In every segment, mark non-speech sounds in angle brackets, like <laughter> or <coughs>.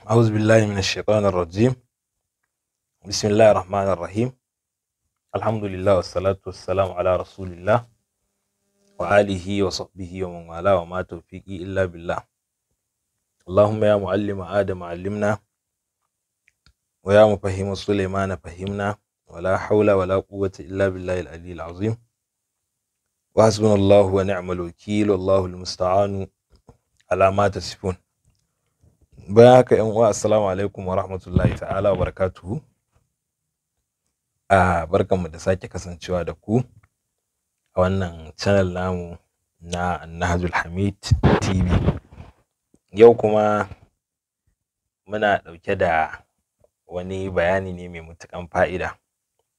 أعوذ بالله من الشيطان الرجيم بسم الله الرحمن الرحيم الحمد لله والصلاة والسلام على رسول الله وآله وصحبه ومن والاه وما توفيقي إلا بالله اللهم يا معلم آدم علمنا ويا مفهم سليمان فهمنا ولا حول ولا قوة إلا بالله العلي العظيم وحسبنا الله ونعم الوكيل والله المستعان على ما تصفون bayan haka yan uwa assalamu alaikum wa rahmatullahi ta'ala wa barakatuhu a barkanmu da sake kasancewa da ku a wannan channel namu na Nahjul Hamid TV yau kuma muna ɗauke da wani bayani ne mai matukan fa'ida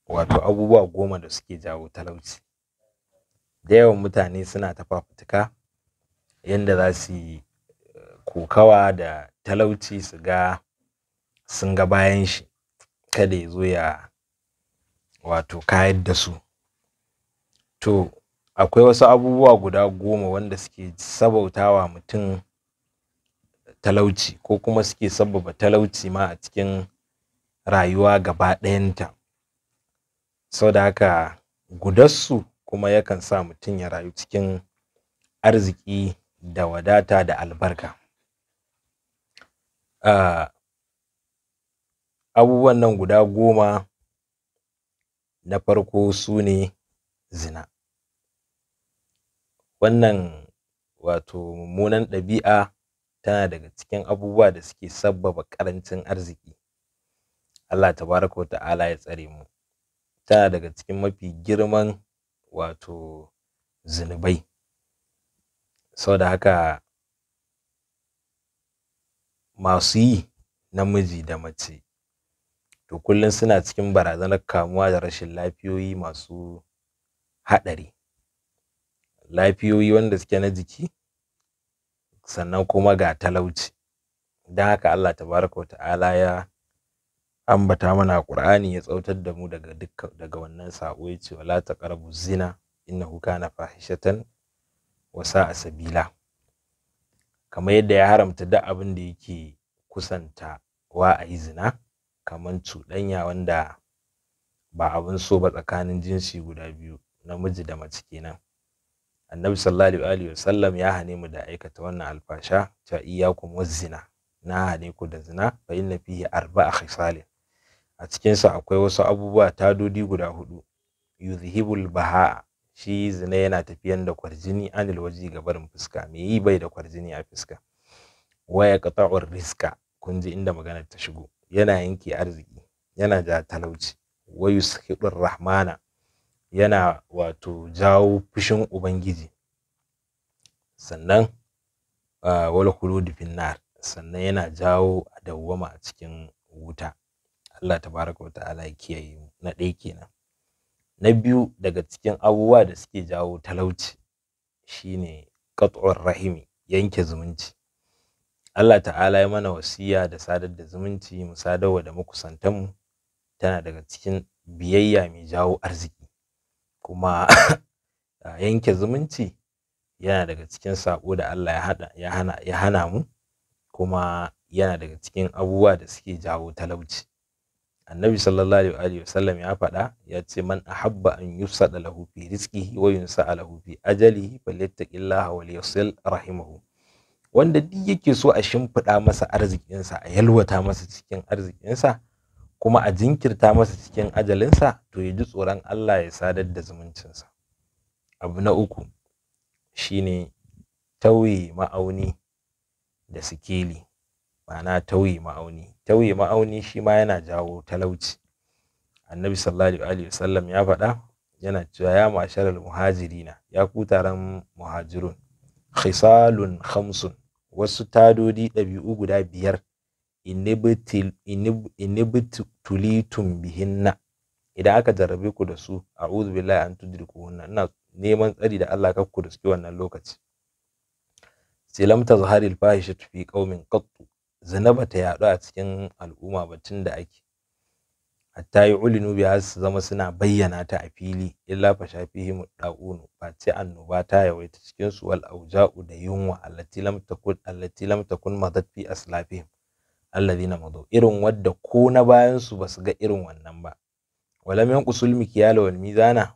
wato abubuwa goma da suke jawo talauci da yawan mutane suna ta fafutuka yadda za su kokawa da talauci su ga sun ga bayan shi kada ya zo ya wato kayar da su to akwai wasu abubuwa guda goma wanda suke sabautawa mutum talauci ko kuma suke sababa talauci ma a cikin rayuwa gaba ɗayanta sau da haka gudarsu kuma yakan sa mutum ya rayu cikin arziki da wadata da albarka Ah, abubuwan nan guda goma na farko su ne zina wannan wato mummunan ɗabi'a tana daga cikin abubuwa da suke sabbaba ƙarancin arziki Allah tabaraka wa ta'ala ya tsare mu tana daga cikin mafi girman wato zunubai sau da haka masu yi namiji da mace to kullum suna cikin barazanar kamuwa da rashin lafiyoyi masu haɗari lafiyoyi wanda suke na jiki sannan kuma ga talauci don haka Allah tabaraka wa ta'ala ya ambata mana Qur'ani ya tsautar da mu daga daga wannan sako ya ce wala taqrabu zina innahu kana fahishatan wa sa'a sabila kamar yadda ya haramta duk abin da yake kusanta wa a yi zina kamar cuɗanya wanda ba abin so ba tsakanin jinsi guda biyu namiji da mace kenan annabi sallallahu alaihi wa sallam ya hane mu da aikata wannan alfasha ta iyakum wazina na hane ku da zina fa inna fihi arba'a khisalin a cikin sa akwai wasu abubuwa tadodi guda hudu yuzhibul baha'a shi zina yana tafiyan da kwarjini anil waji ga barin fuska me yi bai da kwarjini a fuska waya qata'ur rizqa kun ji inda maganar ta shigo yana yanke arziki yana da talauci wayu sakidur rahmana yana wato jawo fushin ubangiji sannan wal khulud finnar sannan yana jawo dawwama a cikin wuta Allah tabaraka wa ta'ala kiyaye mu na ɗaya kenan na biyu daga cikin abubuwa da suke jawo talauci shine qat'ur rahimi yanke zumunci Allah ta'ala ya mana wasiya da sadar da zumunci mu sadarwa da mu tana daga cikin biyayya mai jawo arziki kuma <coughs> yanke zumunci yana daga cikin sako da Allah ya hana ya hana mu kuma yana daga cikin abubuwa da suke jawo talauci annabi sallallahu alaihi wa ya faɗa ya ce man ahabba an yusada lahu fi rizqihi wa yunsa lahu fi ajalihi falyattaqillaha wa liyasil rahimahu wanda duk yake so a shimfiɗa masa arzikinsa a yalwata masa cikin arzikinsa kuma a jinkirta masa cikin ajalinsa to ya ji tsoron Allah ya sadar da zumuncinsa abu na uku shine tauye ma'auni da sikeli ma'ana tauye ma'auni tauye ma'auni shi ma yana jawo talauci annabi sallallahu alaihi wasallam ya faɗa yana cewa ya masharal muhajirina ya kutaran muhajirun khisalun khamsun wasu tadodi ɗabi'u guda biyar inibtulitum bihinna idan aka jarrabe ku da su a'udhu billahi an tudrikuhunna ina neman tsari da Allah kakku da suke wannan lokaci sai lam tazharil fahishatu fi qaumin qattu zina ba ta yaɗu a cikin al'umma ba tun da ake hatta yi ulinu har su zama suna bayyana ta a fili illa fa shafihim da'unu ba ce annoba ta yawaita cikin su wal auja'u da yunwa allati lam takun allati lam takun madat fi aslafihim alladhina madu irin wadda ko na bayan su basu ga irin wannan ba walam yanqusul mikyal wal mizana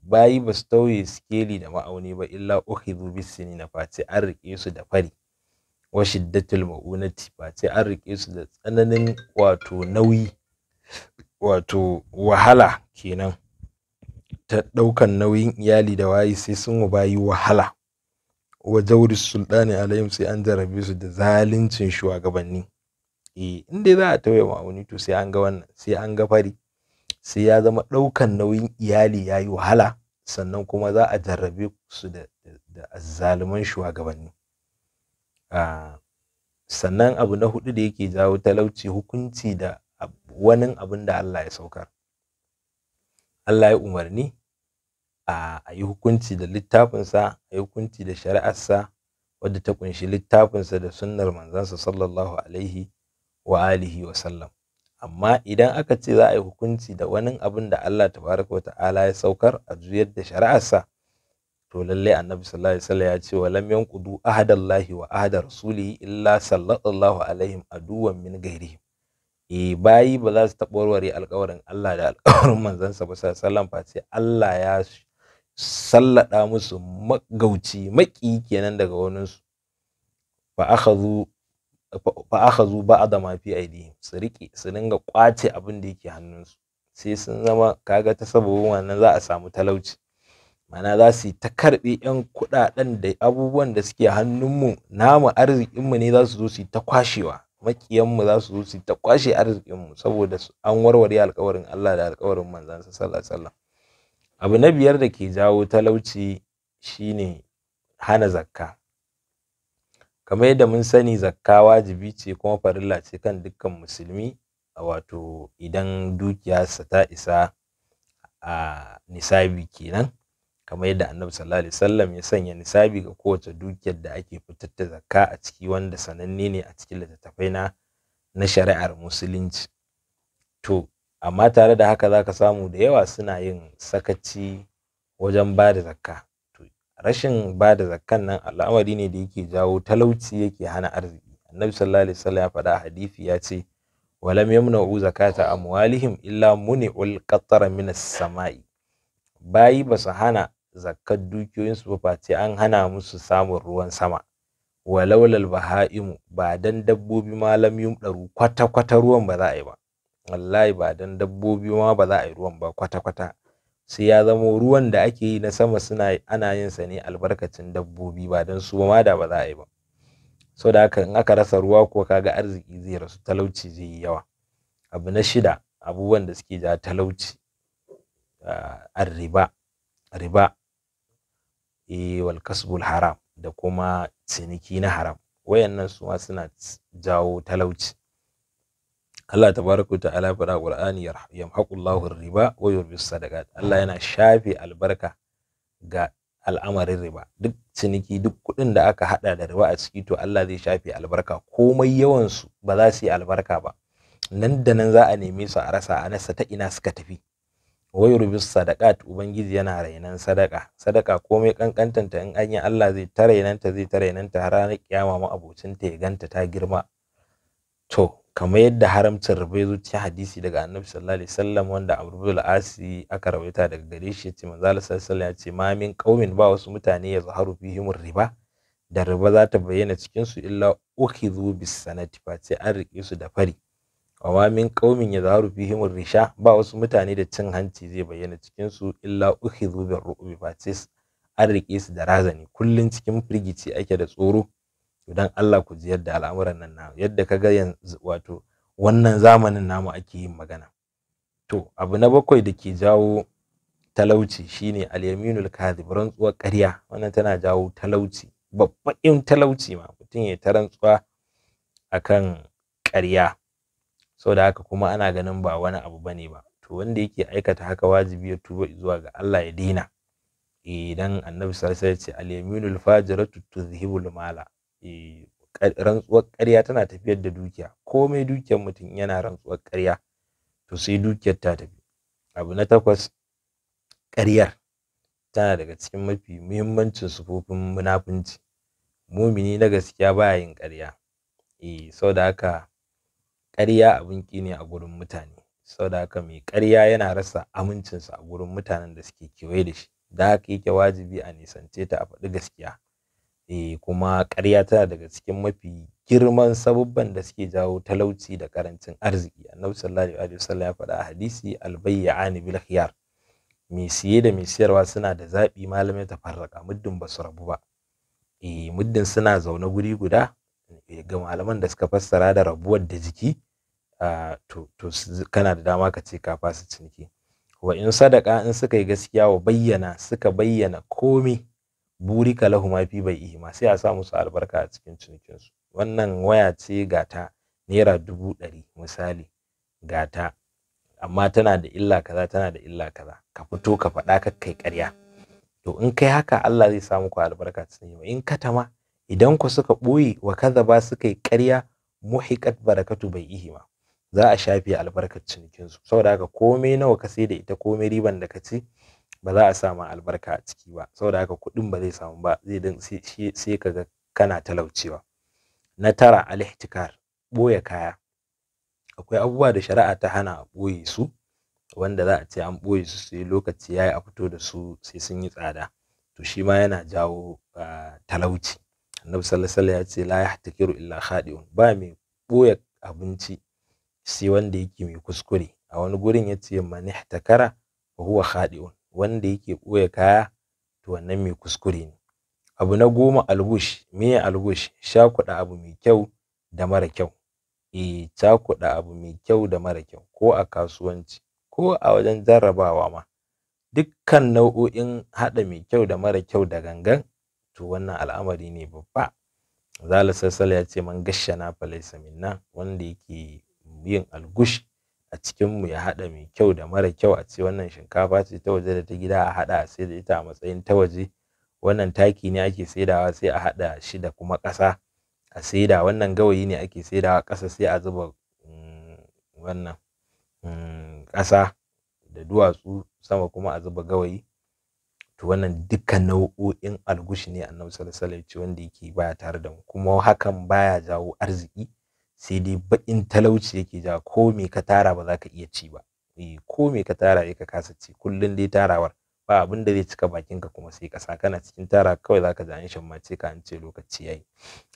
bayi basu tauye sikeli da ma'auni ba illa ukhidhu bis sinina fa ce an rike su da fari wa shiddatul ma'unati ba sai an rike su da tsananin wato nauyi wato wahala kenan ta ɗaukan nauyin iyali da wayi sai sun wa bayi wahala wa jauri sultani alayhim sai an jarabe su da zaluncin shugabanni eh in dai za a tauye ma'auni to sai an ga wannan sai an ga fari sai ya zama ɗaukan nauyin iyali yayi wahala sannan kuma za a jarrabe su da azzaluman shugabanni sannan abu na hudu da yake jawo talauci hukunci da wani abin da Allah ya saukar Allah ya umarni a yi hukunci da littafinsa a yi hukunci da shari'arsa wadda ta kunshi littafinsa da sunnar manzansa sallallahu alaihi wa alihi wa sallam amma idan aka ce za a yi hukunci da wani abin da Allah tabaraka wa ta'ala ya saukar a juyar da shari'arsa to lalle annabi sallallahu alaihi wasallam ya ce wa lam yanqudu ahadallahi wa ahada rasulihi illa sallallahu alaihim aduwan min ghairihim e eh, bayi ba za su taɓa warware alƙawarin Allah da alƙawarin sa ba sallallahu face Allah ya sallada musu magauci maki kenan daga su fa akhadhu fa akhadhu ba'da ma fi aidihim su rike su dinga kwace abin da yake su. sai sun zama kaga ta sababin wannan za a samu talauci mana za su yi ta karɓe 'yan kuɗaɗen da abubuwan da suke hannunmu namu arzikinmu ne za su zo su yi ta kwashewa makiyanmu za su zo su yi ta kwashe arzikinmu saboda an warware alkawarin Allah da alkawarin manzansa sallallahu alaihi abu na biyar da ke jawo talauci shine hana zakka kamar yadda mun sani zakka wajibi ce kuma farilla ce kan dukkan musulmi a wato idan dukiyarsa ta isa a nisabi kenan kamar yadda annabi sallallahu alaihi wasallam ya sanya nisabi ga kowace dukiyar da ake fitar da zakka a ciki wanda sananne ne a cikin littattafai na na shari'ar musulunci to amma tare da haka zaka samu da yawa suna yin sakaci wajen ba da zakka to rashin ba da zakkan nan al'amari ne da yake jawo talauci yake hana arziki annabi sallallahu alaihi wasallam ya faɗa a hadisi ya ce walam yamna'u zakata amwalihim illa muni'ul qatara minas sama'i bayi ba su hana zakkar dukiyoyinsu ba face an hana musu samun ruwan sama walaulal baha'imu ba dan dabbobi ma lam yumdaru kwata kwata ruwan ba za a yi ba wallahi ba dan dabbobi ma ba za a yi ruwan ba kwata kwata sai ya zamo ruwan da ake yi na sama suna ana yin sa ne albarkacin dabbobi ba dan su ma da ba za a yi ba so da haka in aka rasa ruwa ko kaga arziki zai rasu talauci zai yi yawa abu na shida abubuwan da suke ja talauci a ah, riba riba Eh, wal kasbul haram da kuma ciniki na haram wayannan su ma suna jawo talauci Allah tabaraka ta'ala fara Qur'ani yamhaqullahu riba wa yurbis sadaqat Allah yana shafe albarka ga al'amarin riba duk ciniki duk kuɗin da aka hada da riba a ciki to Allah zai shafe albarka komai yawan su ba za su yi albarka ba nan da nan za a neme su a rasa a nasa ta ina suka tafi wayar bis sadaqat ubangiji yana rainan sadaka sadaka komai kankantanta in an Allah zai ta rainanta zai ta rainanta har ranar kiyama ma abocin ta ya ganta ta girma to kamar yadda haramcin rubai zuciya hadisi daga annabi sallallahu alaihi wasallam wanda abu asi aka rawaita daga gare shi yace manzo sallallahu alaihi wasallam yace ma min qaumin ba wasu mutane ya zaharu fihim riba da riba za ta bayyana cikin su illa ukhidhu bis sanati fa sai an rike su da fari awamin kaumin ya zaru fihim risha ba wasu mutane da cin hanci zai bayyana cikin su illa ukhidhu bir ru'bi fatis an rike su da razani kullun cikin firgici ake da tsoro idan Allah ku ji yadda al'amuran nan na yadda kaga yanzu wato wannan zamanin namu ake yin magana to abu na bakwai da ke jawo talauci shine al-yaminul kadhib rantsuwar ƙarya wannan tana jawo talauci babban talauci ma mutum ya ta rantsuwa akan ƙarya saboda haka kuma ana ganin ba wani abu bane ba to wanda yake aikata haka wajibi ya tuba zuwa ga Allah ya daina idan eh, annabi sallallahu alaihi wasallam ya ce al-yaminul fajiratu al mala eh, rantsuwar ƙarya tana tafiyar da dukiya komai dukiyar mutum yana rantsuwar ƙarya to sai dukiyar ta tafi abu na takwas ƙaryar tana daga cikin mafi muhimmancin sufofin munafunci mumini na gaskiya baya yin ƙarya eh saboda haka ƙarya abin ƙi ne a gurin mutane Sau da haka mai ƙarya yana rasa amincinsa a gurin mutanen da suke kewaye da shi da haka yake wajibi a nisance ta a faɗi gaskiya eh kuma ƙarya tana daga cikin mafi girman sabubban da suke jawo talauci da ƙarancin arziki annabi sallallahu alaihi wasallam ya faɗa a hadisi albayyani bil khiyar mai siye da mai siyarwa suna da zaɓi malamai ta farraka muddin ba su rabu ba eh muddin suna zaune guri guda Eh, ga malaman da suka fassara da rabuwar da jiki to kana da dama ka ce ka fasa ciniki wa in sadaka in suka yi gaskiya wa bayyana suka bayyana komi ka lahu ma fi bai ma sai a sa musu albarka a cikin cinikinsu wannan waya ce gata naira dubu ɗari misali gata amma tana da illa kaza tana da illa kaza ka fito ka faɗa ka kai ƙarya to in kai haka Allah zai sa muku albarka cikin in ka katama idan ku suka ɓoye wa ba suka yi ƙarya muhiƙat barakatu bai ma za a shafe albarkar cinikinsu sau saboda haka komai nawa ka sai da ita komai riban da ka ci ba za a samu albarka a ciki ba saboda haka kuɗin ba zai samu ba zai dan sai ga kana talaucewa na tara al-ihtikar ɓoye kaya akwai abubuwa da shari'a ta hana a ɓoye su wanda za a ce an ɓoye su sai lokaci ya yi a fito da su sai sun yi tsada to shi ma yana jawo ah, talauci annabi sallallahu alaihi ya ce la yahtakiru illa khadi'un ba mai boye abinci sai wanda yake mai kuskure a wani gurin ya ce man ihtakara wa huwa khadi'un wanda yake boye kaya to wannan mai kuskure ne abu na goma algush meye algush shakuɗa abu mai kyau da mara kyau eh cakuɗa abu mai kyau da mara kyau ko a kasuwanci ko a wajen jarrabawa ma dukkan nau'o'in haɗa mai kyau da mara kyau da gangan to wannan al'amari ne babba zala sassal ya ce man gashana falaisa minna wanda yake yin algush a cikin mu ya haɗa mai kyau da mara kyau a ce wannan shinkafa ce ta waje da ta gida a haɗa a sai da ita a matsayin ta waje wannan taki ne ake saidawa sai a hada shi da kuma ƙasa a saida wannan gawayi ne ake saidawa ƙasa sai a zuba mm, wannan mm, ƙasa da duwatsu sama kuma a zuba gawayi to wannan dukkan nau'o'in algushi ne annabi sallallahu alaihi wasallam ce wanda yake baya tare da mu kuma hakan baya jawo arziki sai dai baƙin talauci yake ja ko me ka tara ba za ka iya ci ba eh ko me ka tara ya ka kasa ci kullun dai tarawar ba abin da zai cika bakinka kuma sai kasa kana cikin tara kawai zaka ji an mace ka an ce lokaci yayi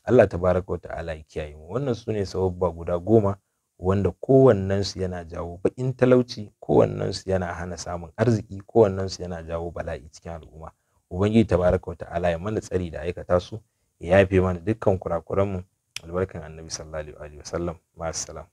Allah tabaraka wa ta'ala ya kiyaye mu wannan sune sababba guda goma wanda kowannensu yana jawo baƙin talauci kowannensu yana hana samun arziki kowannensu yana jawo bala'i cikin al'umma ubangiji tabaraka ala ya mana tsari da aikata su ya yafe mana dukkan kurakuranmu albarkan annabi sallallahu alaihi wasallam ma'assalam